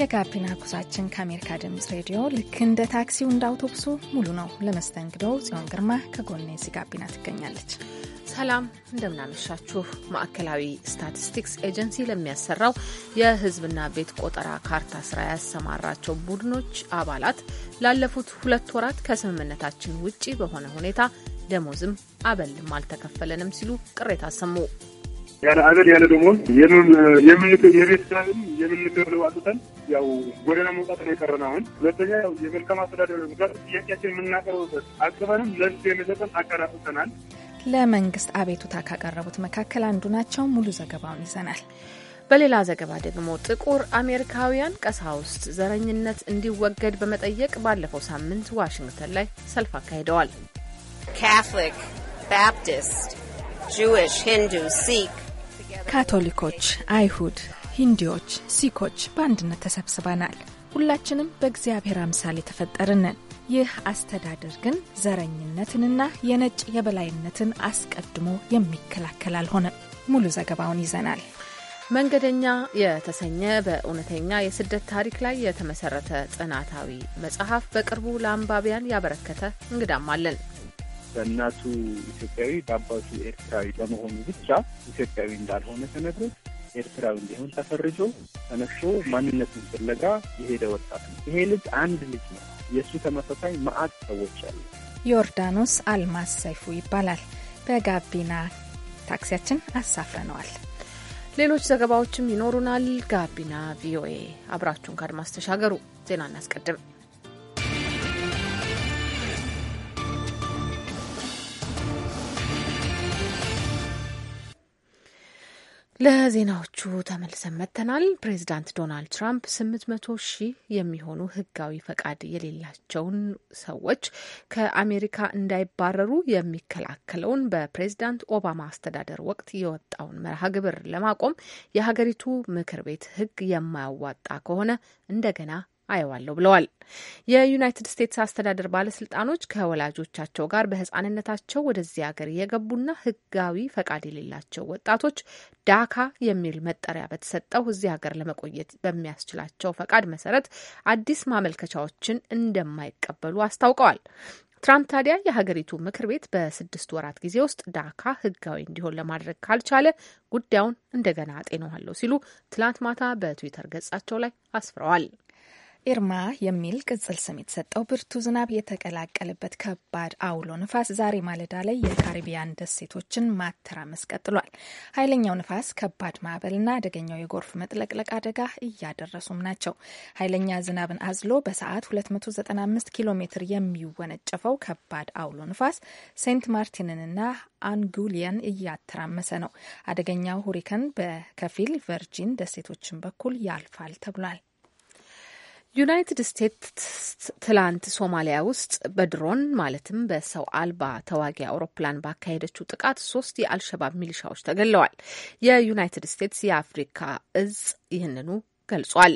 የጋቢና ጉዟችን ከአሜሪካ ድምፅ ሬዲዮ ልክ እንደ ታክሲው እንደ አውቶቡሱ ሙሉ ነው። ለመስተንግዶ ጽዮን ግርማ ከጎኔ እዚህ ጋቢና ትገኛለች። ሰላም እንደምናመሻችሁ። ማዕከላዊ ስታቲስቲክስ ኤጀንሲ ለሚያሰራው የሕዝብና ቤት ቆጠራ ካርታ ስራ ያሰማራቸው ቡድኖች አባላት ላለፉት ሁለት ወራት ከስምምነታችን ውጪ በሆነ ሁኔታ ደሞዝም አበልም አልተከፈለንም ሲሉ ቅሬታ ሰሙ ያለ አበል ያለ ደሞዝ የቤት ስራንም የምንገለው አጥተን ያው ጎዳና መውጣት ነው የቀረን። አሁን ሁለተኛ ያው የመልካም አስተዳደር ጋር ጥያቄያችን የምናቀርብበት አቅበንም ለሱ የመሰጠን አቀራጥተናል። ለመንግስት አቤቱታ ካቀረቡት መካከል አንዱ ናቸው። ሙሉ ዘገባውን ይዘናል። በሌላ ዘገባ ደግሞ ጥቁር አሜሪካውያን ቀሳውስት ዘረኝነት እንዲወገድ በመጠየቅ ባለፈው ሳምንት ዋሽንግተን ላይ ሰልፍ አካሂደዋል። ካቶሊክ፣ ባፕቲስት፣ ጁዊሽ፣ ሂንዱ፣ ሲክ ካቶሊኮች፣ አይሁድ፣ ሂንዲዎች፣ ሲኮች በአንድነት ተሰብስበናል። ሁላችንም በእግዚአብሔር አምሳል የተፈጠርን ነን። ይህ አስተዳደር ግን ዘረኝነትንና የነጭ የበላይነትን አስቀድሞ የሚከላከል አልሆነም። ሙሉ ዘገባውን ይዘናል። መንገደኛ የተሰኘ በእውነተኛ የስደት ታሪክ ላይ የተመሰረተ ጥናታዊ መጽሐፍ በቅርቡ ለአንባቢያን ያበረከተ እንግዳም አለን። በእናቱ ኢትዮጵያዊ በአባቱ ኤርትራዊ በመሆኑ ብቻ ኢትዮጵያዊ እንዳልሆነ ተነግሮት ኤርትራዊ እንዲሆን ተፈርጆ ተነሶ ማንነቱን ፍለጋ የሄደ ወጣት ነው። ይሄ ልጅ አንድ ልጅ ነው። የእሱ ተመሳሳይ መዓት ሰዎች አሉ። ዮርዳኖስ አልማዝ ሰይፉ ይባላል። በጋቢና ታክሲያችን አሳፍረነዋል። ሌሎች ዘገባዎችም ይኖሩናል። ጋቢና ቪኦኤ አብራችሁን ከአድማስ ተሻገሩ። ዜና እናስቀድም። ለዜናዎቹ ተመልሰን መጥተናል። ፕሬዚዳንት ዶናልድ ትራምፕ ስምንት መቶ ሺህ የሚሆኑ ህጋዊ ፈቃድ የሌላቸውን ሰዎች ከአሜሪካ እንዳይባረሩ የሚከላከለውን በፕሬዚዳንት ኦባማ አስተዳደር ወቅት የወጣውን መርሃ ግብር ለማቆም የሀገሪቱ ምክር ቤት ህግ የማያዋጣ ከሆነ እንደገና አየዋለሁ ብለዋል። የዩናይትድ ስቴትስ አስተዳደር ባለስልጣኖች ከወላጆቻቸው ጋር በህጻንነታቸው ወደዚህ ሀገር የገቡና ህጋዊ ፈቃድ የሌላቸው ወጣቶች ዳካ የሚል መጠሪያ በተሰጠው እዚህ ሀገር ለመቆየት በሚያስችላቸው ፈቃድ መሰረት አዲስ ማመልከቻዎችን እንደማይቀበሉ አስታውቀዋል። ትራምፕ ታዲያ የሀገሪቱ ምክር ቤት በስድስት ወራት ጊዜ ውስጥ ዳካ ህጋዊ እንዲሆን ለማድረግ ካልቻለ ጉዳዩን እንደገና አጤነዋለሁ ሲሉ ትላንት ማታ በትዊተር ገጻቸው ላይ አስፍረዋል። ኢርማ የሚል ቅጽል ስም የተሰጠው ብርቱ ዝናብ የተቀላቀለበት ከባድ አውሎ ንፋስ ዛሬ ማለዳ ላይ የካሪቢያን ደሴቶችን ማተራመስ ቀጥሏል። ኃይለኛው ንፋስ፣ ከባድ ማዕበልና አደገኛው የጎርፍ መጥለቅለቅ አደጋ እያደረሱም ናቸው። ኃይለኛ ዝናብን አዝሎ በሰዓት 295 ኪሎ ሜትር የሚወነጨፈው ከባድ አውሎ ንፋስ ሴንት ማርቲንንና አንጉሊያን እያተራመሰ ነው። አደገኛው ሁሪከን በከፊል ቨርጂን ደሴቶችን በኩል ያልፋል ተብሏል። ዩናይትድ ስቴትስ ትላንት ሶማሊያ ውስጥ በድሮን ማለትም በሰው አልባ ተዋጊ አውሮፕላን ባካሄደችው ጥቃት ሶስት የአልሸባብ ሚሊሻዎች ተገለዋል። የዩናይትድ ስቴትስ የአፍሪካ እዝ ይህንኑ ገልጿል።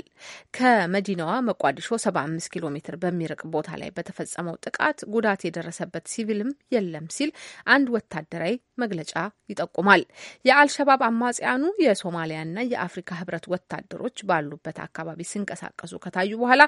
ከመዲናዋ መቋዲሾ 75 ኪሎ ሜትር በሚርቅ ቦታ ላይ በተፈጸመው ጥቃት ጉዳት የደረሰበት ሲቪልም የለም ሲል አንድ ወታደራዊ መግለጫ ይጠቁማል። የአልሸባብ አማጽያኑ የሶማሊያና የአፍሪካ ሕብረት ወታደሮች ባሉበት አካባቢ ሲንቀሳቀሱ ከታዩ በኋላ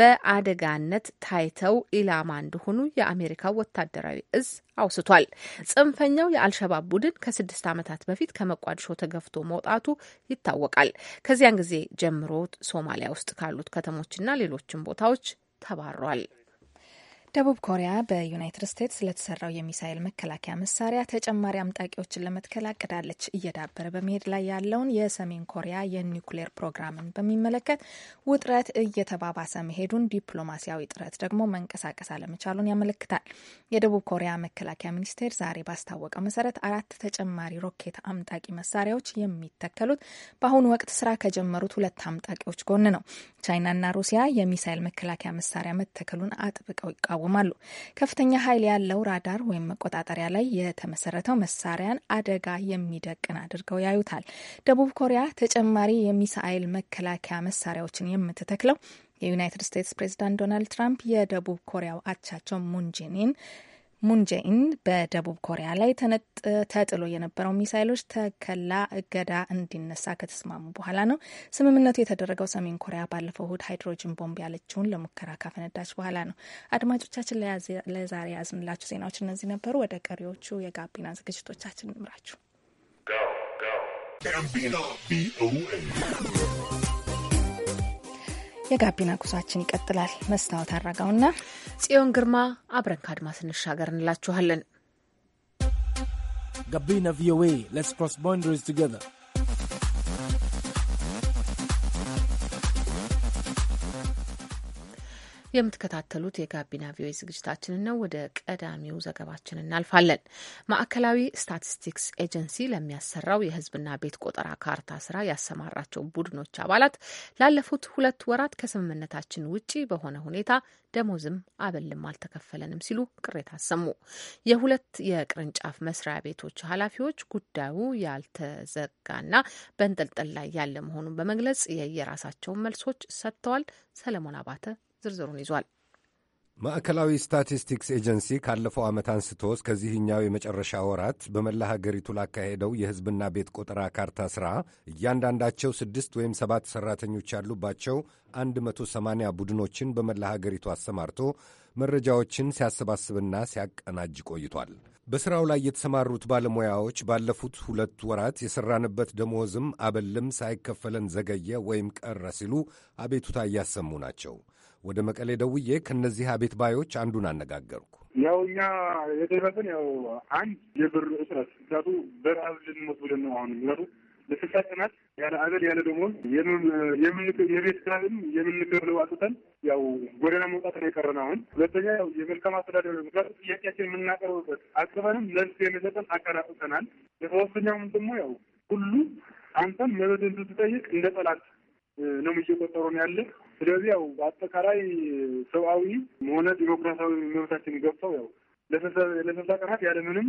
በአደጋነት ታይተው ኢላማ እንደሆኑ የአሜሪካ ወታደራዊ እዝ አውስቷል። ጽንፈኛው የአልሸባብ ቡድን ከስድስት ዓመታት በፊት ከመቋድሾ ተገፍቶ መውጣቱ ይታወቃል። ከዚያን ጊዜ ጀምሮ ሶማሊያ ውስጥ ካሉት ከተሞችና ሌሎችም ቦታዎች ተባሯል። ደቡብ ኮሪያ በዩናይትድ ስቴትስ ለተሰራው የሚሳኤል መከላከያ መሳሪያ ተጨማሪ አምጣቂዎችን ለመትከል አቅዳለች። እየዳበረ በመሄድ ላይ ያለውን የሰሜን ኮሪያ የኒውክሌር ፕሮግራምን በሚመለከት ውጥረት እየተባባሰ መሄዱን፣ ዲፕሎማሲያዊ ጥረት ደግሞ መንቀሳቀስ አለመቻሉን ያመለክታል። የደቡብ ኮሪያ መከላከያ ሚኒስቴር ዛሬ ባስታወቀው መሰረት አራት ተጨማሪ ሮኬት አምጣቂ መሳሪያዎች የሚተከሉት በአሁኑ ወቅት ስራ ከጀመሩት ሁለት አምጣቂዎች ጎን ነው። ቻይናና ሩሲያ የሚሳኤል መከላከያ መሳሪያ መተከሉን አጥብቀው ይቃወ ይቃወማሉ። ከፍተኛ ኃይል ያለው ራዳር ወይም መቆጣጠሪያ ላይ የተመሰረተው መሳሪያን አደጋ የሚደቅን አድርገው ያዩታል። ደቡብ ኮሪያ ተጨማሪ የሚሳኤል መከላከያ መሳሪያዎችን የምትተክለው የዩናይትድ ስቴትስ ፕሬዚዳንት ዶናልድ ትራምፕ የደቡብ ኮሪያው አቻቸው ሙንጂኒን ሙንጄኢን በደቡብ ኮሪያ ላይ ተጥሎ የነበረው ሚሳይሎች ተከላ እገዳ እንዲነሳ ከተስማሙ በኋላ ነው። ስምምነቱ የተደረገው ሰሜን ኮሪያ ባለፈው እሁድ ሃይድሮጅን ቦምብ ያለችውን ለሙከራ ካፈነዳች በኋላ ነው። አድማጮቻችን፣ ለዛሬ ያዝንላችሁ ዜናዎች እነዚህ ነበሩ። ወደ ቀሪዎቹ የጋቢና ዝግጅቶቻችን እንምራችሁ። የጋቢና ጉዟችን ይቀጥላል። መስታወት አድራጋውና ጽዮን ግርማ አብረን ከአድማስ ስንሻገር እንላችኋለን። ጋቢና ቪኦኤ ሌትስ ክሮስ ባውንደሪስ ቱጌዘር የምትከታተሉት የጋቢና ቪኦኤ ዝግጅታችንን ነው። ወደ ቀዳሚው ዘገባችን እናልፋለን። ማዕከላዊ ስታቲስቲክስ ኤጀንሲ ለሚያሰራው የሕዝብና ቤት ቆጠራ ካርታ ስራ ያሰማራቸው ቡድኖች አባላት ላለፉት ሁለት ወራት ከስምምነታችን ውጪ በሆነ ሁኔታ ደሞዝም አበልም አልተከፈለንም ሲሉ ቅሬታ አሰሙ። የሁለት የቅርንጫፍ መስሪያ ቤቶች ኃላፊዎች ጉዳዩ ያልተዘጋና በእንጠልጠል ላይ ያለ መሆኑን በመግለጽ የየራሳቸውን መልሶች ሰጥተዋል። ሰለሞን አባተ ዝርዝሩን ይዟል። ማዕከላዊ ስታቲስቲክስ ኤጀንሲ ካለፈው ዓመት አንስቶ እስከዚህኛው የመጨረሻ ወራት በመላ ሀገሪቱ ላካሄደው የሕዝብና ቤት ቆጠራ ካርታ ሥራ እያንዳንዳቸው ስድስት ወይም ሰባት ሠራተኞች ያሉባቸው 180 ቡድኖችን በመላ ሀገሪቱ አሰማርቶ መረጃዎችን ሲያሰባስብና ሲያቀናጅ ቆይቷል። በሥራው ላይ የተሰማሩት ባለሙያዎች ባለፉት ሁለት ወራት የሠራንበት ደሞዝም አበልም ሳይከፈለን ዘገየ ወይም ቀረ ሲሉ አቤቱታ እያሰሙ ናቸው። ወደ መቀሌ ደውዬ ከእነዚህ አቤት ባዮች አንዱን አነጋገርኩ። ያው እኛ የደረሰን ያው አንድ የብር እጥረት ምክንያቱ በረሀብ ልንሞት ብለን ነው። አሁን ምክንያቱ ለስልሳ ቀናት ያለ አበል ያለ ደሞዝ የቤት ኪራይም የምንገብለው አጥተን ያው ጎደና መውጣት ነው የቀረን። አሁን ሁለተኛ ያው የመልካም አስተዳደር ምክንያቱ ጥያቄያችን የምናቀርብበት አቅበንም ለንስ የመሰጠን አቀራጥተናል። ለሶስተኛውም ደግሞ ያው ሁሉ አንተን መብትህን ስትጠይቅ እንደ ጠላት ነው እየቆጠሩን ያለ ስለዚህ ያው በአጠቃላይ ሰብአዊ መሆነ ዲሞክራሲያዊ መብታችን ገብተው ያው ለስልሳ ቀናት ያለምንም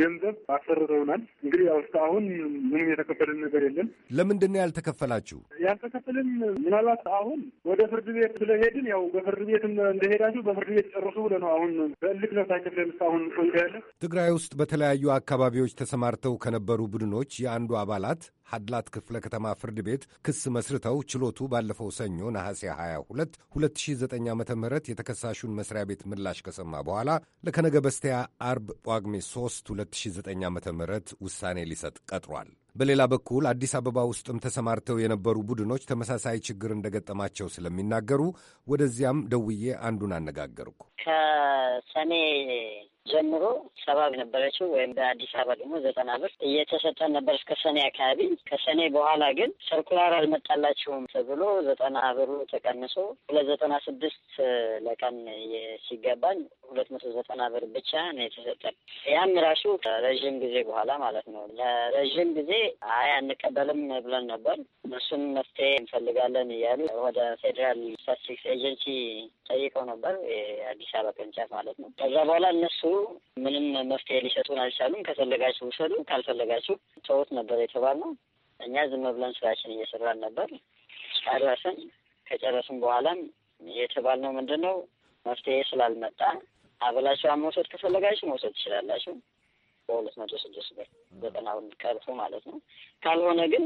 ገንዘብ አሰርተውናል። እንግዲህ ያው አሁን ምንም የተከፈለን ነገር የለም። ለምንድን ነው ያልተከፈላችሁ? ያልተከፈልን ምናልባት አሁን ወደ ፍርድ ቤት ስለሄድን ያው በፍርድ ቤት እንደሄዳችሁ በፍርድ ቤት ጨርሱ ብለ ነው አሁን በእልክ ነው ሳይከፍለን እስካሁን ቆይታ ያለ። ትግራይ ውስጥ በተለያዩ አካባቢዎች ተሰማርተው ከነበሩ ቡድኖች የአንዱ አባላት ሀድላት ክፍለ ከተማ ፍርድ ቤት ክስ መስርተው ችሎቱ ባለፈው ሰኞ ነሐሴ 22 2009 ዓ ም የተከሳሹን መስሪያ ቤት ምላሽ ከሰማ በኋላ ለከነገ በስቲያ አርብ ጳጉሜ 3 2009 ዓ ም ውሳኔ ሊሰጥ ቀጥሯል። በሌላ በኩል አዲስ አበባ ውስጥም ተሰማርተው የነበሩ ቡድኖች ተመሳሳይ ችግር እንደገጠማቸው ስለሚናገሩ ወደዚያም ደውዬ አንዱን አነጋገርኩ። ከሰኔ ጀምሮ ሰባ ብር ነበረችው ወይም በአዲስ አበባ ደግሞ ዘጠና ብር እየተሰጠን ነበር እስከ ሰኔ አካባቢ። ከሰኔ በኋላ ግን ሰርኩላር አልመጣላችሁም ተብሎ ዘጠና ብሩ ተቀንሶ ሁለት ዘጠና ስድስት ለቀን ሲገባን ሁለት መቶ ዘጠና ብር ብቻ ነው የተሰጠን። ያም ራሱ ከረዥም ጊዜ በኋላ ማለት ነው። ለረዥም ጊዜ አይ አንቀበልም ብለን ነበር። እነሱም መፍትሄ እንፈልጋለን እያሉ ወደ ፌዴራል ስታስቲክስ ኤጀንሲ ጠይቀው ነበር፣ የአዲስ አበባ ቅርንጫፍ ማለት ነው። ከዛ በኋላ እነሱ ምንም መፍትሄ ሊሰጡን አልቻሉም። ከፈለጋችሁ ውሰዱ፣ ካልፈለጋችሁ ተውት ነበር የተባልነው። እኛ ዝም ብለን ስራችን እየሰራን ነበር። ጨረስን። ከጨረስን በኋላም የተባልነው ምንድን ነው መፍትሄ ስላልመጣ አበላችሁ መውሰድ ከፈለጋችሁ መውሰድ ትችላላችሁ በሁለት መቶ ስድስት ብር ዘጠናውን ቀርፎ ማለት ነው። ካልሆነ ግን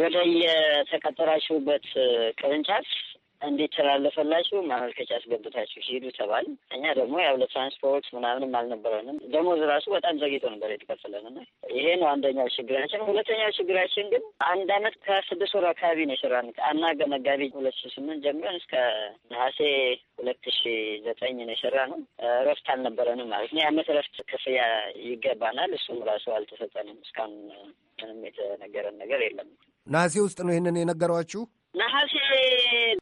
ወደ የተቀጠራችሁበት ቅርንጫፍ እንዴት ተላለፈላችሁ ማመልከቻ አስገብታችሁ ሂዱ ተባል። እኛ ደግሞ ያው ለትራንስፖርት ምናምንም አልነበረንም። ደሞዝ ራሱ በጣም ዘግይቶ ነበር የተከፈለንና ይሄ ነው አንደኛው ችግራችን። ሁለተኛው ችግራችን ግን አንድ አመት ከስድስት ወር አካባቢ ነው የሰራን አና መጋቢት ሁለት ሺ ስምንት ጀምረን እስከ ነሐሴ ሁለት ሺ ዘጠኝ ነው የሰራነው። እረፍት አልነበረንም ማለት ነው። የአመት እረፍት ክፍያ ይገባናል። እሱም ራሱ አልተሰጠንም። እስካሁን ምንም የተነገረን ነገር የለም። ነሐሴ ውስጥ ነው ይህንን የነገሯችሁ? ነሐሴ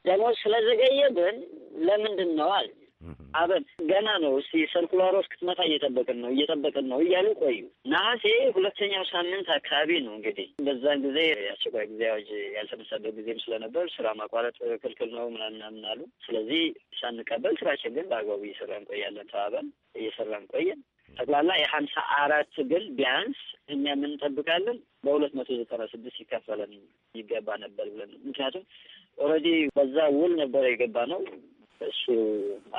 ደግሞ ግን ለምንድን ነው አለ። አበል ገና ነው እስቲ ሰርኩላሮ እስክትመጣ እየጠበቅን ነው እየጠበቅን ነው እያሉ ቆዩ። ነሐሴ ሁለተኛው ሳምንት አካባቢ ነው እንግዲህ በዛን ጊዜ የአስቸኳይ ጊዜ አዋጅ ያልተነሳበት ጊዜም ስለነበር ስራ ማቋረጥ ክልክል ነው ምናምን አሉ። ስለዚህ ሳንቀበል ስራችን ግን በአግባቡ እየሰራን ቆያለን ተባባል። እየሰራን ቆየን። ጠቅላላ የሀምሳ አራት ግል ቢያንስ እኛ የምንጠብቃለን በሁለት መቶ ዘጠና ስድስት ይከፈለን ይገባ ነበር ብለን ምክንያቱም ኦልሬዲ በዛ ውል ነበረ የገባ ነው። እሱ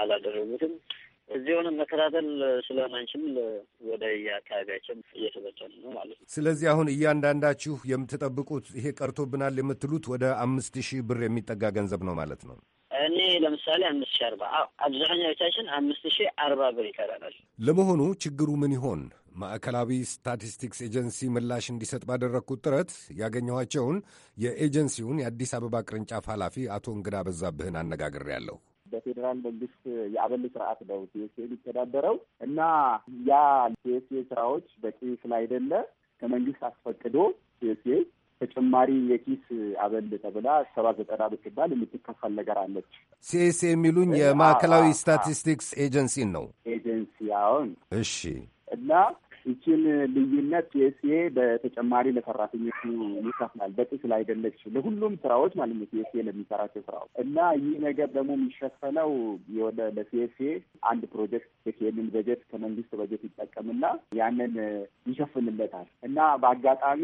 አላደረጉትም። እዚህ የሆነ መከታተል ስለማንችል ወደ የአካባቢያችን እየተበተኑ ነው ማለት ነው። ስለዚህ አሁን እያንዳንዳችሁ የምትጠብቁት ይሄ ቀርቶብናል የምትሉት ወደ አምስት ሺህ ብር የሚጠጋ ገንዘብ ነው ማለት ነው። እኔ ለምሳሌ አምስት ሺ አርባ አብዛኛዎቻችን አምስት ሺ አርባ ብር ይቀረናል። ለመሆኑ ችግሩ ምን ይሆን? ማዕከላዊ ስታቲስቲክስ ኤጀንሲ ምላሽ እንዲሰጥ ባደረግኩት ጥረት ያገኘኋቸውን የኤጀንሲውን የአዲስ አበባ ቅርንጫፍ ኃላፊ አቶ እንግዳ በዛብህን አነጋግሬያለሁ። በፌዴራል መንግስት የአበል ስርዓት ነው ቲኤስኤ የሚተዳደረው እና ያ ቲኤስኤ ስራዎች በቂ ስላይደለ ከመንግስት አስፈቅዶ ቲኤስኤ ተጨማሪ የኪስ አበል ተብላ ሰባ ዘጠና ብትባል የምትከፈል ነገር አለች። ሲኤስ የሚሉኝ የማዕከላዊ ስታቲስቲክስ ኤጀንሲን ነው ኤጀንሲ አሁን እሺ። እና ይችን ልዩነት ሲኤስኤ በተጨማሪ ለሰራተኞቹ ይከፍላል። ላይ አይደለች ለሁሉም ስራዎች ማለት ነው ሲኤስኤ ለሚሰራቸው ስራዎች እና ይህ ነገር ደግሞ የሚሸፈነው ወደ ለሲኤስኤ አንድ ፕሮጀክት የኬንን በጀት ከመንግስት በጀት ይጠቀምና ያንን ይሸፍንለታል እና በአጋጣሚ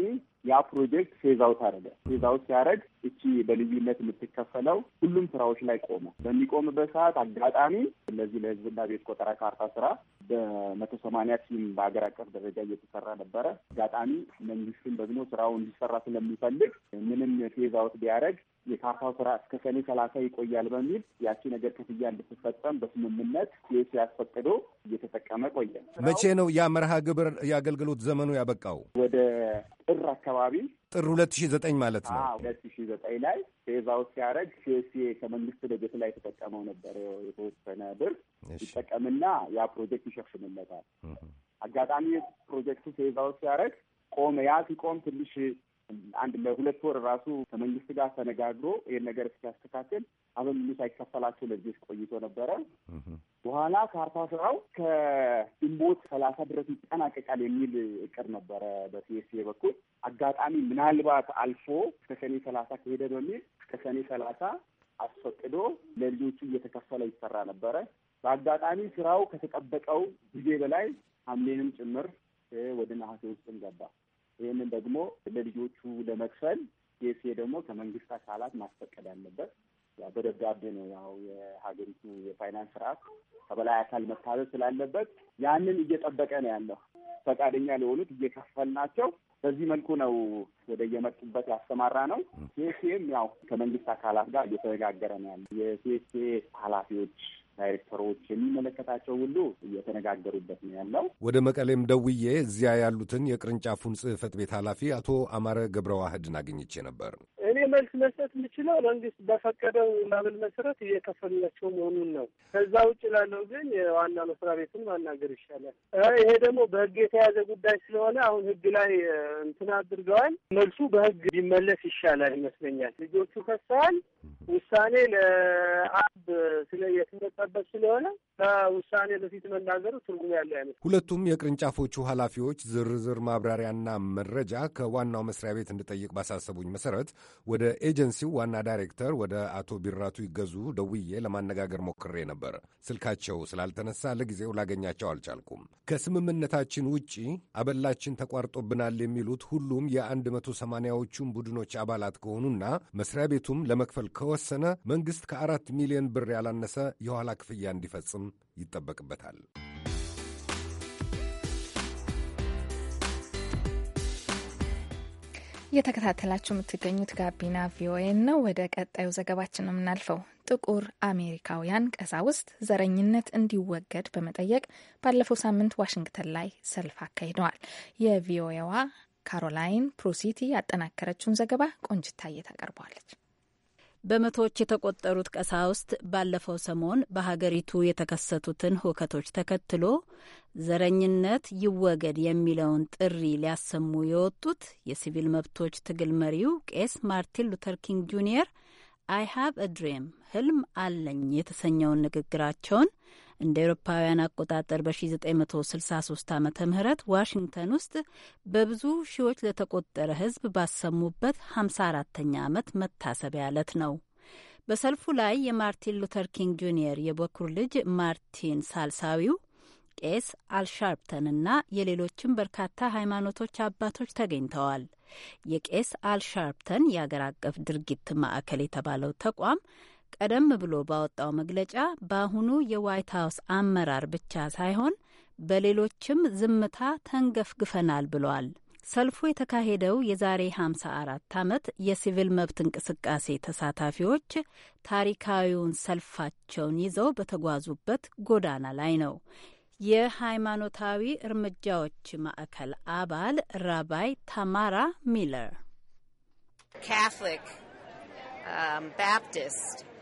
ያ ፕሮጀክት ፌዝ አውት አደረገ። ፌዝ አውት ሲያደረግ እቺ በልዩነት የምትከፈለው ሁሉም ስራዎች ላይ ቆመ። በሚቆምበት ሰዓት አጋጣሚ እነዚህ ለህዝብና ቤት ቆጠራ ካርታ ስራ በመቶ ሰማንያ ቲም በሀገር አቀፍ ደረጃ እየተሰራ ነበረ። አጋጣሚ መንግስትም ደግሞ ስራው እንዲሰራ ስለሚፈልግ ምንም ፌዝ አውት ቢያደረግ የካርታው ስራ እስከ ሰኔ ሰላሳ ይቆያል በሚል ያቺ ነገር ክፍያ እንድትፈጸም በስምምነት ዩኤስ ያስፈቅዶ እየተጠቀመ ቆየ። መቼ ነው ያ መርሃ ግብር የአገልግሎት ዘመኑ ያበቃው? ወደ ጥር አካባቢ ጥር ሁለት ሺ ዘጠኝ ማለት ነው። ሁለት ሺ ዘጠኝ ላይ ፌዝ አውት ሲያደርግ ሲኤሲ ከመንግስት በጀት ላይ የተጠቀመው ነበር። የተወሰነ ብር ይጠቀምና ያ ፕሮጀክት ይሸፍንለታል። አጋጣሚ ፕሮጀክቱ ፌዝ አውት ሲያደርግ ቆመ። ያ ሲቆም ትንሽ አንድ ለሁለት ወር ራሱ ከመንግስት ጋር ተነጋግሮ ይህን ነገር ሲያስተካክል አሁን ምንም ሳይከፈላቸው ለዚህ ቆይቶ ነበረ። በኋላ ካርታ ስራው ከግንቦት ሰላሳ ድረስ ይጠናቀቃል የሚል እቅድ ነበረ በሲኤስኤ በኩል። አጋጣሚ ምናልባት አልፎ እስከ ሰኔ ሰላሳ ከሄደ በሚል እስከ ሰኔ ሰላሳ አስፈቅዶ ለልጆቹ እየተከፈለ ይሰራ ነበረ። በአጋጣሚ ስራው ከተጠበቀው ጊዜ በላይ ሐምሌንም ጭምር ወደ ነሐሴ ውስጥም ገባ። ይህንን ደግሞ ለልጆቹ ለመክፈል ዴሴ ደግሞ ከመንግስት አካላት ማስፈቀድ አለበት። በደብዳቤ ነው ያው የሀገሪቱ የፋይናንስ ስርዓት ከበላይ አካል መታዘዝ ስላለበት ያንን እየጠበቀ ነው ያለው። ፈቃደኛ ለሆኑት ናቸው። በዚህ መልኩ ነው ወደ የመጡበት ያስተማራ ነው። ሲኤስኤም ያው ከመንግስት አካላት ጋር እየተነጋገረ ነው ያለ የሲኤስኤ ኃላፊዎች ዳይሬክተሮች የሚመለከታቸው ሁሉ እየተነጋገሩበት ነው ያለው። ወደ መቀሌም ደውዬ እዚያ ያሉትን የቅርንጫፉን ጽህፈት ቤት ኃላፊ አቶ አማረ ገብረ ዋህድን አግኝቼ ነበር። እኔ መልስ መስጠት የምችለው መንግስት በፈቀደው መብል መሰረት እየከፈልናቸው መሆኑን ነው። ከዛ ውጭ ላለው ግን የዋና መስሪያ ቤቱን ማናገር ይሻላል። ይሄ ደግሞ በህግ የተያዘ ጉዳይ ስለሆነ አሁን ህግ ላይ እንትን አድርገዋል። መልሱ በህግ ቢመለስ ይሻላል ይመስለኛል። ልጆቹ ከሰዋል። ውሳኔ ለአብ ስለ የተመጣበት ስለሆነ ከውሳኔ በፊት መናገሩ ትርጉም ያለው አይነት ሁለቱም የቅርንጫፎቹ ኃላፊዎች ዝርዝር ማብራሪያና መረጃ ከዋናው መስሪያ ቤት እንድጠይቅ ባሳሰቡኝ መሰረት ወደ ኤጀንሲው ዋና ዳይሬክተር ወደ አቶ ቢራቱ ይገዙ ደውዬ ለማነጋገር ሞክሬ ነበር። ስልካቸው ስላልተነሳ ለጊዜው ላገኛቸው አልቻልኩም። ከስምምነታችን ውጪ አበላችን ተቋርጦብናል የሚሉት ሁሉም የአንድ መቶ ሰማንያዎቹም ቡድኖች አባላት ከሆኑና መስሪያ ቤቱም ለመክፈል ከወሰነ መንግሥት ከአራት ሚሊዮን ብር ያላነሰ የኋላ ክፍያ እንዲፈጽም ይጠበቅበታል። እየተከታተላችሁ የምትገኙት ጋቢና ቪኦኤ ነው። ወደ ቀጣዩ ዘገባችን ነው የምናልፈው። ጥቁር አሜሪካውያን ቀሳውስት ዘረኝነት እንዲወገድ በመጠየቅ ባለፈው ሳምንት ዋሽንግተን ላይ ሰልፍ አካሂደዋል። የቪኦኤዋ ካሮላይን ፕሩሲቲ ያጠናከረችውን ዘገባ ቆንጅታ እየታቀርበዋለች። በመቶዎች የተቆጠሩት ቀሳውስት ባለፈው ሰሞን በሀገሪቱ የተከሰቱትን ሁከቶች ተከትሎ ዘረኝነት ይወገድ የሚለውን ጥሪ ሊያሰሙ የወጡት የሲቪል መብቶች ትግል መሪው ቄስ ማርቲን ሉተር ኪንግ ጁኒየር አይ ሃቭ አ ህልም አለኝ የተሰኘውን ንግግራቸውን እንደ ኤሮፓውያን አቆጣጠር በ1963 ዓ ም ዋሽንግተን ውስጥ በብዙ ሺዎች ለተቆጠረ ህዝብ ባሰሙበት 54ተኛ ዓመት መታሰቢያ ዕለት ነው። በሰልፉ ላይ የማርቲን ሉተር ኪንግ ጁኒየር የበኩር ልጅ ማርቲን ሳልሳዊው ቄስ አልሻርፕተንና የሌሎችም በርካታ ሃይማኖቶች አባቶች ተገኝተዋል። የቄስ አልሻርፕተን የአገር አቀፍ ድርጊት ማዕከል የተባለው ተቋም ቀደም ብሎ ባወጣው መግለጫ በአሁኑ የዋይት ሀውስ አመራር ብቻ ሳይሆን በሌሎችም ዝምታ ተንገፍግፈናል ብሏል። ሰልፉ የተካሄደው የዛሬ 54 ዓመት የሲቪል መብት እንቅስቃሴ ተሳታፊዎች ታሪካዊውን ሰልፋቸውን ይዘው በተጓዙበት ጎዳና ላይ ነው። የሃይማኖታዊ እርምጃዎች ማዕከል አባል ራባይ ታማራ ሚለር ካቶሊክ፣ ባፕቲስት um,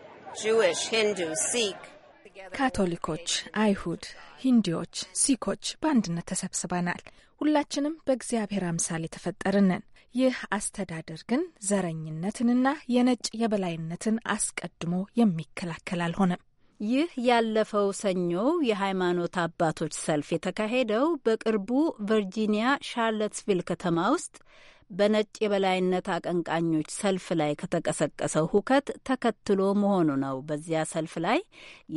ካቶሊኮች፣ አይሁድ፣ ሂንዲዎች፣ ሲኮች በአንድነት ተሰብስበናል። ሁላችንም በእግዚአብሔር አምሳል የተፈጠርንን። ይህ አስተዳደር ግን ዘረኝነትንና የነጭ የበላይነትን አስቀድሞ የሚከላከል አልሆነም። ይህ ያለፈው ሰኞ የሃይማኖት አባቶች ሰልፍ የተካሄደው በቅርቡ ቨርጂኒያ ሻርለትስቪል ከተማ ውስጥ በነጭ የበላይነት አቀንቃኞች ሰልፍ ላይ ከተቀሰቀሰው ሁከት ተከትሎ መሆኑ ነው። በዚያ ሰልፍ ላይ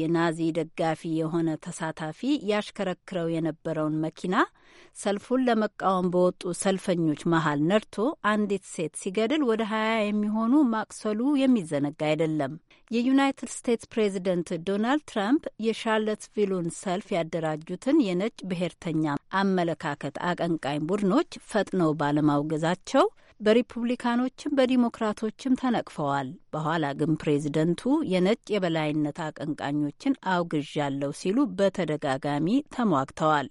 የናዚ ደጋፊ የሆነ ተሳታፊ ያሽከረክረው የነበረውን መኪና ሰልፉን ለመቃወም በወጡ ሰልፈኞች መሀል ነድቶ አንዲት ሴት ሲገድል ወደ ሀያ የሚሆኑ ማቅሰሉ የሚዘነጋ አይደለም። የዩናይትድ ስቴትስ ፕሬዚደንት ዶናልድ ትራምፕ የሻርለትቪሉን ሰልፍ ያደራጁትን የነጭ ብሔርተኛ አመለካከት አቀንቃኝ ቡድኖች ፈጥነው ባለማውገዛቸው በሪፑብሊካኖችም በዲሞክራቶችም ተነቅፈዋል። በኋላ ግን ፕሬዝደንቱ የነጭ የበላይነት አቀንቃኞችን አውግዣለሁ ሲሉ በተደጋጋሚ ተሟግተዋል።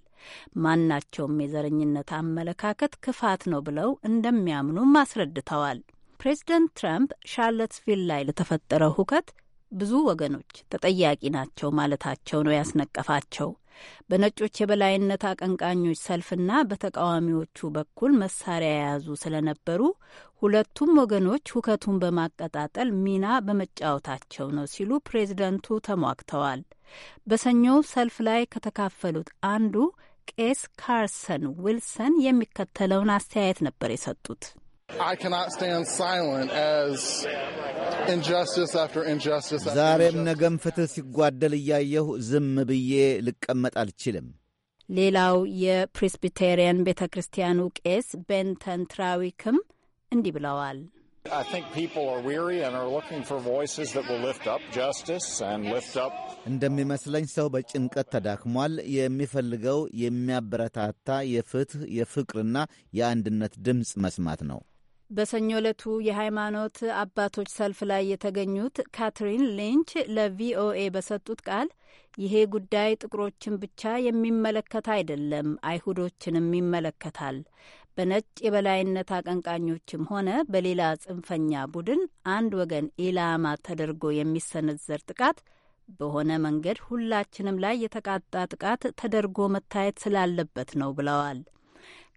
ማናቸውም የዘረኝነት አመለካከት ክፋት ነው ብለው እንደሚያምኑም አስረድተዋል። ፕሬዝደንት ትራምፕ ሻርለትስቪል ላይ ለተፈጠረው ሁከት ብዙ ወገኖች ተጠያቂ ናቸው ማለታቸው ነው ያስነቀፋቸው። በነጮች የበላይነት አቀንቃኞች ሰልፍና በተቃዋሚዎቹ በኩል መሳሪያ የያዙ ስለነበሩ ሁለቱም ወገኖች ሁከቱን በማቀጣጠል ሚና በመጫወታቸው ነው ሲሉ ፕሬዝደንቱ ተሟግተዋል። በሰኞው ሰልፍ ላይ ከተካፈሉት አንዱ ቄስ ካርሰን ዊልሰን የሚከተለውን አስተያየት ነበር የሰጡት። ዛሬም ነገም ፍትሕ ሲጓደል እያየሁ ዝም ብዬ ልቀመጥ አልችልም። ሌላው የፕሬስቢቴሪያን ቤተ ክርስቲያኑ ቄስ ቤንተን ትራዊክም እንዲህ ብለዋል። እንደሚመስለኝ ሰው በጭንቀት ተዳክሟል። የሚፈልገው የሚያበረታታ የፍትሕ የፍቅርና የአንድነት ድምፅ መስማት ነው። በሰኞ ዕለቱ የሃይማኖት አባቶች ሰልፍ ላይ የተገኙት ካትሪን ሊንች ለቪኦኤ በሰጡት ቃል ይሄ ጉዳይ ጥቁሮችን ብቻ የሚመለከት አይደለም፣ አይሁዶችንም ይመለከታል። በነጭ የበላይነት አቀንቃኞችም ሆነ በሌላ ጽንፈኛ ቡድን አንድ ወገን ኢላማ ተደርጎ የሚሰነዘር ጥቃት በሆነ መንገድ ሁላችንም ላይ የተቃጣ ጥቃት ተደርጎ መታየት ስላለበት ነው ብለዋል።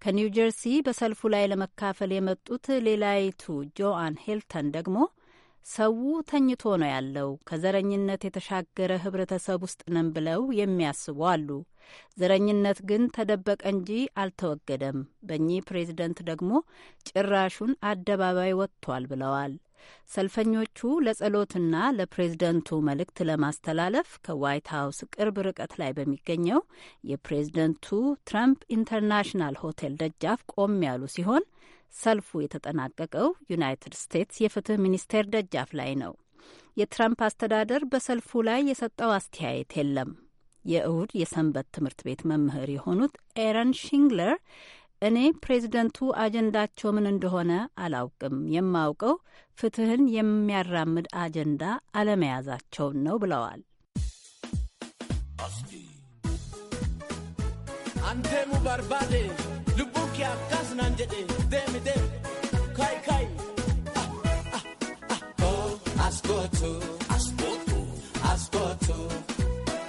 ከኒውጀርሲ በሰልፉ ላይ ለመካፈል የመጡት ሌላይቱ ጆአን ሄልተን ደግሞ ሰው ተኝቶ ነው ያለው፣ ከዘረኝነት የተሻገረ ህብረተሰብ ውስጥ ነን ብለው የሚያስቡ አሉ። ዘረኝነት ግን ተደበቀ እንጂ አልተወገደም። በእኚህ ፕሬዚደንት ደግሞ ጭራሹን አደባባይ ወጥቷል ብለዋል። ሰልፈኞቹ ለጸሎትና ለፕሬዝደንቱ መልእክት ለማስተላለፍ ከዋይት ሀውስ ቅርብ ርቀት ላይ በሚገኘው የፕሬዝደንቱ ትራምፕ ኢንተርናሽናል ሆቴል ደጃፍ ቆም ያሉ ሲሆን ሰልፉ የተጠናቀቀው ዩናይትድ ስቴትስ የፍትህ ሚኒስቴር ደጃፍ ላይ ነው። የትራምፕ አስተዳደር በሰልፉ ላይ የሰጠው አስተያየት የለም። የእሁድ የሰንበት ትምህርት ቤት መምህር የሆኑት ኤረን ሺንግለር እኔ ፕሬዝደንቱ አጀንዳቸው ምን እንደሆነ አላውቅም። የማውቀው ፍትህን የሚያራምድ አጀንዳ አለመያዛቸውን ነው ብለዋል። አንቴሙ ባርባዴ ልቡኪ አካስናንጀዴ ደምደ ካይካይ አስጎቱ አስጎቱ አስጎቱ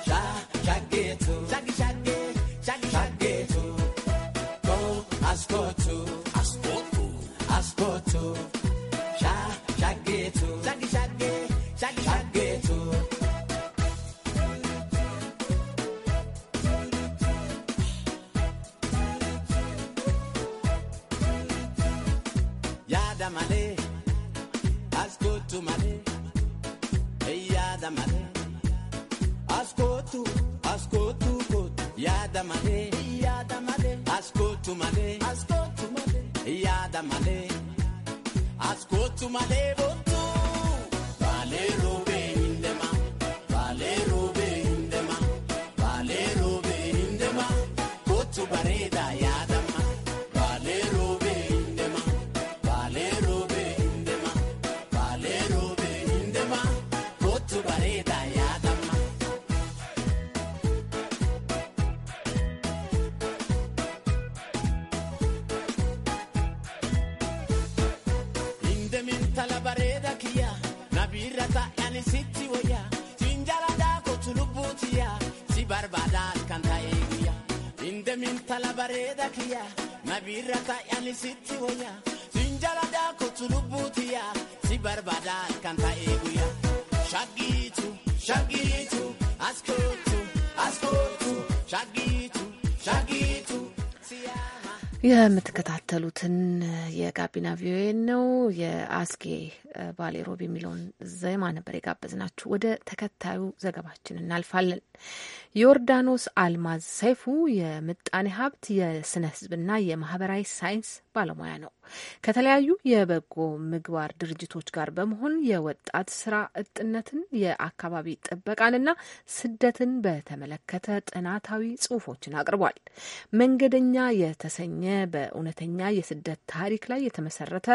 ሻጌቱ Damale. bareeda kiyya nabirra ta'ani sitti woyya siin jaaladhaa kotu lubbuutiyya si barbaadaas kan ta'e guyya indemin tala bareeda kiyya nabirra ta'ani sitti woyya siin jaaladhaa kotu lubbuutiyya si barbaadaas kan ta'e guyya shagiitu shagiitu askootu askootu shagiitu shagiitu የምትከታተሉትን የጋቢና ቪኦኤ ነው። የአስጌ ባሌሮብ የሚለውን ዜማ ነበር ናችሁ። ወደ ተከታዩ ዘገባችን እናልፋለን። ዮርዳኖስ አልማዝ ሰይፉ የምጣኔ ሀብት የስነ ህዝብና የማህበራዊ ሳይንስ ባለሙያ ነው። ከተለያዩ የበጎ ምግባር ድርጅቶች ጋር በመሆን የወጣት ስራ እጥነትን፣ የአካባቢ ጥበቃንና ስደትን በተመለከተ ጥናታዊ ጽሁፎችን አቅርቧል። መንገደኛ የተሰኘ በእውነተኛ የስደት ታሪክ ላይ የተመሰረተ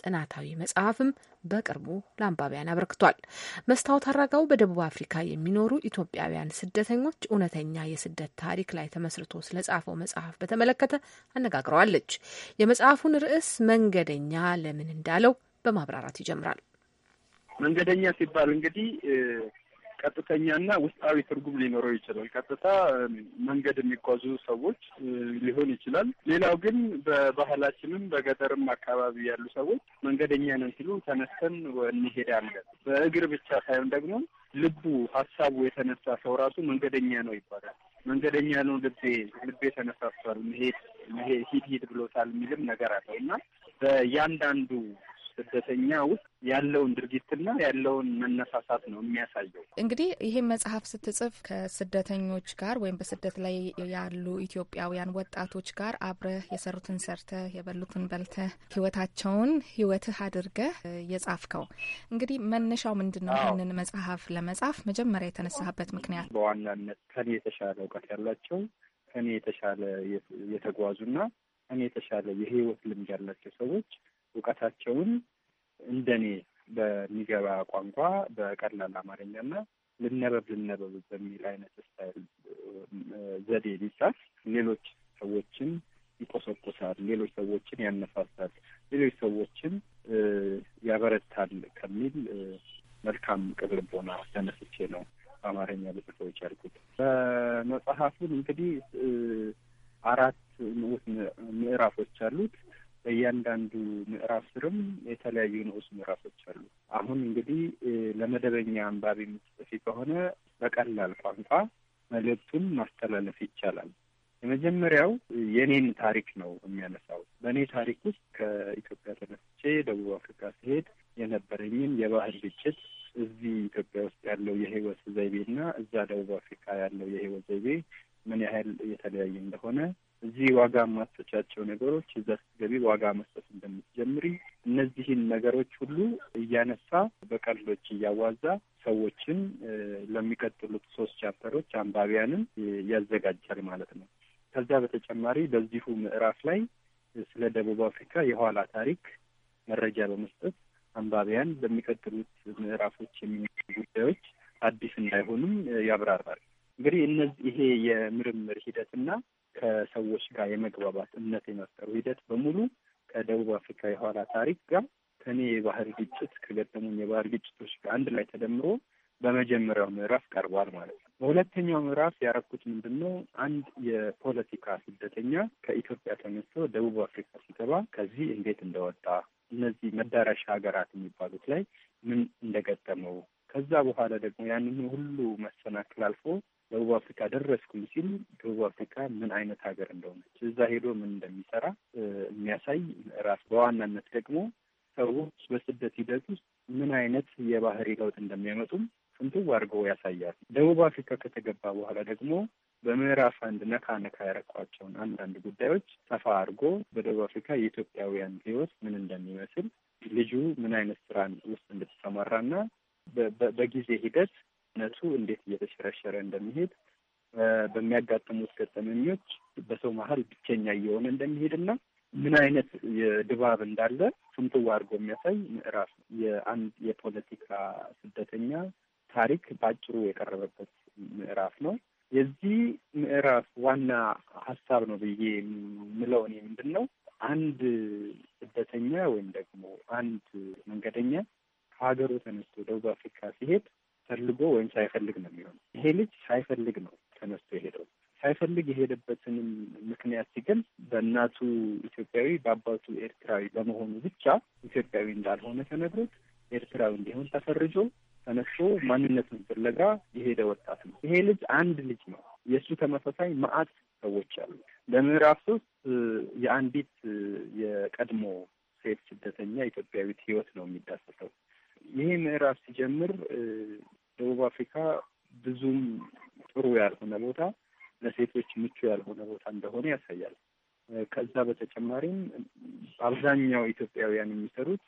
ጥናታዊ መጽሐፍም በቅርቡ ለአንባቢያን አበርክቷል። መስታወት አራጋው በደቡብ አፍሪካ የሚኖሩ ኢትዮጵያውያን ስደተኞች እውነተኛ የስደት ታሪክ ላይ ተመስርቶ ስለጻፈው መጽሐፍ በተመለከተ አነጋግረዋለች። የመጽሐፉን ርዕስ መንገደኛ ለምን እንዳለው በማብራራት ይጀምራል። መንገደኛ ሲባል እንግዲህ ቀጥተኛና ውስጣዊ ትርጉም ሊኖረው ይችላል። ቀጥታ መንገድ የሚጓዙ ሰዎች ሊሆን ይችላል። ሌላው ግን በባህላችንም በገጠርም አካባቢ ያሉ ሰዎች መንገደኛ ነን ሲሉ ተነስተን እንሄዳለን። በእግር ብቻ ሳይሆን ደግሞ ልቡ ሀሳቡ የተነሳ ሰው ራሱ መንገደኛ ነው ይባላል። መንገደኛ ነው ልቤ ልቤ ተነሳስቷል፣ መሄድ ሂድ ሂድ ብሎታል የሚልም ነገር አለው እና በእያንዳንዱ ስደተኛ ውስጥ ያለውን ድርጊትና ያለውን መነሳሳት ነው የሚያሳየው። እንግዲህ ይሄ መጽሐፍ ስትጽፍ ከስደተኞች ጋር ወይም በስደት ላይ ያሉ ኢትዮጵያውያን ወጣቶች ጋር አብረህ የሰሩትን ሰርተህ የበሉትን በልተህ ህይወታቸውን ህይወትህ አድርገህ የጻፍከው እንግዲህ መነሻው ምንድን ነው? ይህንን መጽሐፍ ለመጻፍ መጀመሪያ የተነሳህበት ምክንያት በዋናነት ከኔ የተሻለ እውቀት ያላቸው ከኔ የተሻለ የተጓዙና እኔ የተሻለ የህይወት ልምድ ያላቸው ሰዎች እውቀታቸውን እንደኔ በሚገባ ቋንቋ በቀላል አማርኛና ልነበብ ልነበብ በሚል አይነት ስታይል ዘዴ ሊጻፍ ሌሎች ሰዎችን ይቆሰቁሳል፣ ሌሎች ሰዎችን ያነሳሳል፣ ሌሎች ሰዎችን ያበረታል ከሚል መልካም ቅልቦና ተነስቼ ነው በአማርኛ ልጽፈው የቻልኩት። በመጽሐፉን እንግዲህ አራት ምዕራፎች አሉት። በእያንዳንዱ ምዕራፍ ስርም የተለያዩ ንዑስ ምዕራፎች አሉ። አሁን እንግዲህ ለመደበኛ አንባቢ የምትጽፊ ከሆነ በቀላል ቋንቋ መልእክቱን ማስተላለፍ ይቻላል። የመጀመሪያው የኔን ታሪክ ነው የሚያነሳው። በእኔ ታሪክ ውስጥ ከኢትዮጵያ ተነስቼ ደቡብ አፍሪካ ስሄድ የነበረኝን የባህል ግጭት፣ እዚህ ኢትዮጵያ ውስጥ ያለው የህይወት ዘይቤ እና እዛ ደቡብ አፍሪካ ያለው የህይወት ዘይቤ ምን ያህል የተለያየ እንደሆነ እዚህ ዋጋ ማሰጫቸው ነገሮች እዛ ስትገቢ ዋጋ መስጠት እንደምትጀምሪ እነዚህን ነገሮች ሁሉ እያነሳ በቀልዶች እያዋዛ ሰዎችን ለሚቀጥሉት ሶስት ቻፕተሮች አንባቢያንን ያዘጋጃል ማለት ነው። ከዛ በተጨማሪ በዚሁ ምዕራፍ ላይ ስለ ደቡብ አፍሪካ የኋላ ታሪክ መረጃ በመስጠት አንባቢያን በሚቀጥሉት ምዕራፎች የሚመጡ ጉዳዮች አዲስ እንዳይሆኑም ያብራራል። እንግዲህ እነዚህ ይሄ የምርምር ሂደትና ከሰዎች ጋር የመግባባት እምነት የመፍጠሩ ሂደት በሙሉ ከደቡብ አፍሪካ የኋላ ታሪክ ጋር ከኔ የባህር ግጭት ከገጠሙኝ የባህር ግጭቶች ጋር አንድ ላይ ተደምሮ በመጀመሪያው ምዕራፍ ቀርቧል ማለት ነው። በሁለተኛው ምዕራፍ ያረኩት ምንድን ነው? አንድ የፖለቲካ ስደተኛ ከኢትዮጵያ ተነስቶ ደቡብ አፍሪካ ሲገባ ከዚህ እንዴት እንደወጣ እነዚህ መዳረሻ ሀገራት የሚባሉት ላይ ምን እንደገጠመው ከዛ በኋላ ደግሞ ያንን ሁሉ መሰናክል አልፎ አፍሪካ ደረስኩኝ ሲል ደቡብ አፍሪካ ምን አይነት ሀገር እንደሆነች እዛ ሄዶ ምን እንደሚሰራ የሚያሳይ ራስ በዋናነት ደግሞ ሰዎች በስደት ሂደት ውስጥ ምን አይነት የባህሪ ለውጥ እንደሚያመጡም ፍንትው አድርጎ ያሳያል። ደቡብ አፍሪካ ከተገባ በኋላ ደግሞ በምዕራፍ አንድ ነካ ነካ ያረኳቸውን አንዳንድ ጉዳዮች ሰፋ አድርጎ በደቡብ አፍሪካ የኢትዮጵያውያን ሕይወት ምን እንደሚመስል ልጁ ምን አይነት ስራ ውስጥ እንደተሰማራና በጊዜ ሂደት ነቱ እንዴት እየተሸረሸረ እንደሚሄድ በሚያጋጥሙት ገጠመኞች በሰው መሀል ብቸኛ እየሆነ እንደሚሄድና ምን አይነት ድባብ እንዳለ ፍንትው አድርጎ የሚያሳይ ምዕራፍ የአንድ የፖለቲካ ስደተኛ ታሪክ በአጭሩ የቀረበበት ምዕራፍ ነው። የዚህ ምዕራፍ ዋና ሀሳብ ነው ብዬ የምለው እኔ ምንድን ነው አንድ ስደተኛ ወይም ደግሞ አንድ መንገደኛ ከሀገሩ ተነስቶ ደቡብ አፍሪካ ሲሄድ ፈልጎ ወይም ሳይፈልግ ነው የሚሆነው። ይሄ ልጅ ሳይፈልግ ነው ተነስቶ የሄደው ሳይፈልግ የሄደበትንም ምክንያት ሲገልጽ በእናቱ ኢትዮጵያዊ በአባቱ ኤርትራዊ በመሆኑ ብቻ ኢትዮጵያዊ እንዳልሆነ ተነግሮት ኤርትራዊ እንዲሆን ተፈርጆ ተነስቶ ማንነቱን ፍለጋ የሄደ ወጣት ነው። ይሄ ልጅ አንድ ልጅ ነው። የእሱ ተመሳሳይ መዓት ሰዎች አሉ። በምዕራፍ ሶስት የአንዲት የቀድሞ ሴት ስደተኛ ኢትዮጵያዊት ህይወት ነው የሚዳሰሰው። ይሄ ምዕራፍ ሲጀምር ደቡብ አፍሪካ ብዙም ጥሩ ያልሆነ ቦታ፣ ለሴቶች ምቹ ያልሆነ ቦታ እንደሆነ ያሳያል። ከዛ በተጨማሪም አብዛኛው ኢትዮጵያውያን የሚሰሩት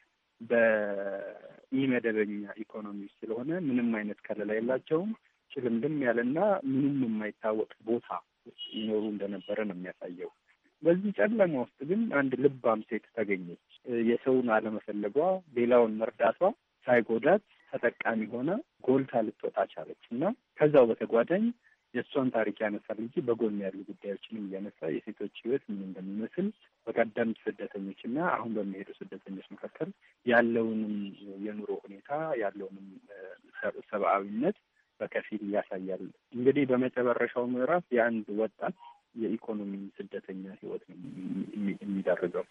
በኢመደበኛ ኢኮኖሚ ስለሆነ ምንም አይነት ከለላ የላቸውም። ጭልምልም ያለና ምንም የማይታወቅ ቦታ ውስጥ ይኖሩ እንደነበረ ነው የሚያሳየው። በዚህ ጨለማ ውስጥ ግን አንድ ልባም ሴት ተገኘች። የሰውን አለመፈለጓ፣ ሌላውን መርዳቷ ሳይጎዳት ተጠቃሚ ሆነ ጎልታ ልትወጣ ቻለች እና ከዛው በተጓዳኝ የእሷን ታሪክ ያነሳል እንጂ በጎን ያሉ ጉዳዮችንም እያነሳ የሴቶች ህይወት ምን እንደሚመስል በቀደምት ስደተኞች እና አሁን በሚሄዱ ስደተኞች መካከል ያለውንም የኑሮ ሁኔታ ያለውንም ሰብአዊነት በከፊል ያሳያል። እንግዲህ በመጨረሻው ምዕራፍ የአንድ ወጣት የኢኮኖሚ ስደተኛ ህይወት ነው የሚደርገው።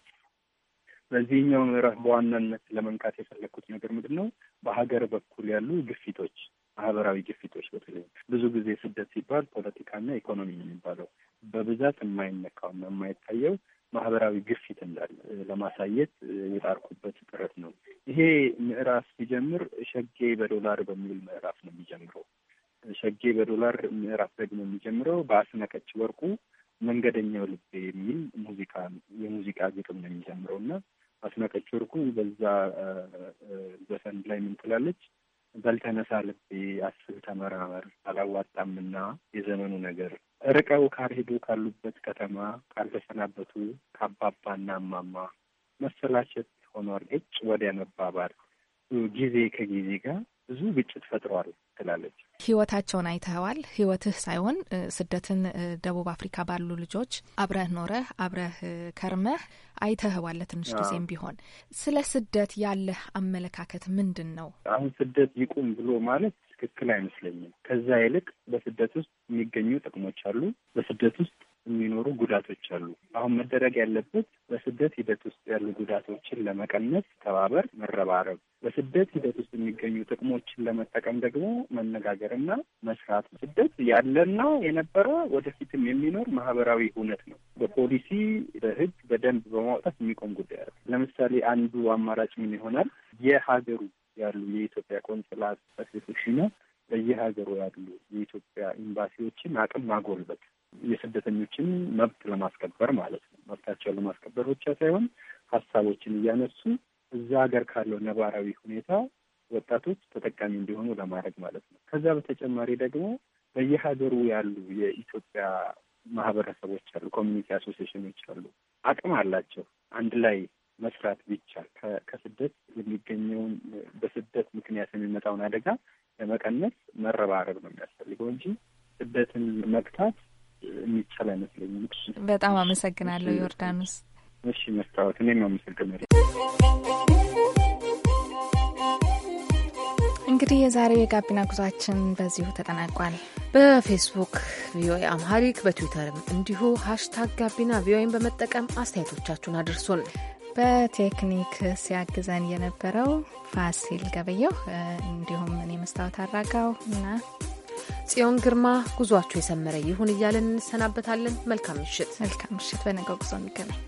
በዚህኛው ምዕራፍ በዋናነት ለመንካት የፈለግኩት ነገር ምንድን ነው? በሀገር በኩል ያሉ ግፊቶች፣ ማህበራዊ ግፊቶች። በተለይ ብዙ ጊዜ ስደት ሲባል ፖለቲካና ኢኮኖሚ ነው የሚባለው። በብዛት የማይነካውና የማይታየው ማህበራዊ ግፊት እንዳለ ለማሳየት የጣርኩበት ጥረት ነው። ይሄ ምዕራፍ ሲጀምር ሸጌ በዶላር በሚል ምዕራፍ ነው የሚጀምረው። ሸጌ በዶላር ምዕራፍ ደግሞ የሚጀምረው በአስነቀች ወርቁ መንገደኛው ልቤ የሚል ሙዚቃ የሙዚቃ ግጥም ነው የሚጀምረው እና አስናቀች ወርቁ በዛ ዘፈን ላይ ምን ትላለች? በልተነሳ ልቤ አስብ ተመራመር አላዋጣምና የዘመኑ ነገር ርቀው ካልሄዱ ካሉበት ከተማ ካልተሰናበቱ ካባባና እማማ መሰላቸት ሆኗል እጭ ወዲያ መባባል ጊዜ ከጊዜ ጋር ብዙ ግጭት ፈጥሯል። ትላለች። ህይወታቸውን አይተኸዋል። ህይወትህ ሳይሆን ስደትን ደቡብ አፍሪካ ባሉ ልጆች አብረህ ኖረህ አብረህ ከርመህ አይተኸዋል ለትንሽ ጊዜም ቢሆን። ስለ ስደት ያለህ አመለካከት ምንድን ነው? አሁን ስደት ይቁም ብሎ ማለት ትክክል አይመስለኝም። ከዛ ይልቅ በስደት ውስጥ የሚገኙ ጥቅሞች አሉ። በስደት ውስጥ የሚኖሩ ጉዳቶች አሉ። አሁን መደረግ ያለበት በስደት ሂደት ውስጥ ያሉ ጉዳቶችን ለመቀነስ ተባበር፣ መረባረብ፣ በስደት ሂደት ውስጥ የሚገኙ ጥቅሞችን ለመጠቀም ደግሞ መነጋገርና መስራት። ስደት ያለና የነበረ ወደፊትም የሚኖር ማህበራዊ እውነት ነው። በፖሊሲ በህግ በደንብ በማውጣት የሚቆም ጉዳይ አለ። ለምሳሌ አንዱ አማራጭ ምን ይሆናል? የሀገሩ ያሉ የኢትዮጵያ ቆንጽላት ጽሕፈት ቤቶችና በየሀገሩ ያሉ የኢትዮጵያ ኤምባሲዎችን አቅም ማጎልበት የስደተኞችን መብት ለማስከበር ማለት ነው። መብታቸውን ለማስከበር ብቻ ሳይሆን ሀሳቦችን እያነሱ እዛ ሀገር ካለው ነባራዊ ሁኔታ ወጣቶች ተጠቃሚ እንዲሆኑ ለማድረግ ማለት ነው። ከዛ በተጨማሪ ደግሞ በየሀገሩ ያሉ የኢትዮጵያ ማህበረሰቦች አሉ፣ ኮሚኒቲ አሶሲሽኖች አሉ። አቅም አላቸው አንድ ላይ መስራት ቢቻል ከስደት የሚገኘውን በስደት ምክንያት የሚመጣውን አደጋ ለመቀነስ መረባረብ ነው የሚያስፈልገው እንጂ ስደትን መግታት የሚቻል አይመስለኝም። በጣም አመሰግናለሁ ዮርዳኖስ። እሺ መስታወት፣ እኔም አመሰግናለሁ። እንግዲህ የዛሬው የጋቢና ጉዟችን በዚሁ ተጠናቋል። በፌስቡክ ቪኦኤ አምሃሪክ በትዊተርም እንዲሁ ሀሽታግ ጋቢና ቪኦኤን በመጠቀም አስተያየቶቻችሁን አድርሱን። በቴክኒክ ሲያግዘን የነበረው ፋሲል ገበየሁ እንዲሁም እኔ መስታወት አራጋው እና ጽዮን ግርማ ጉዟችሁ የሰመረ ይሁን እያለን እንሰናበታለን። መልካም ምሽት። መልካም ምሽት። በነገው ጉዞ እንገናኝ።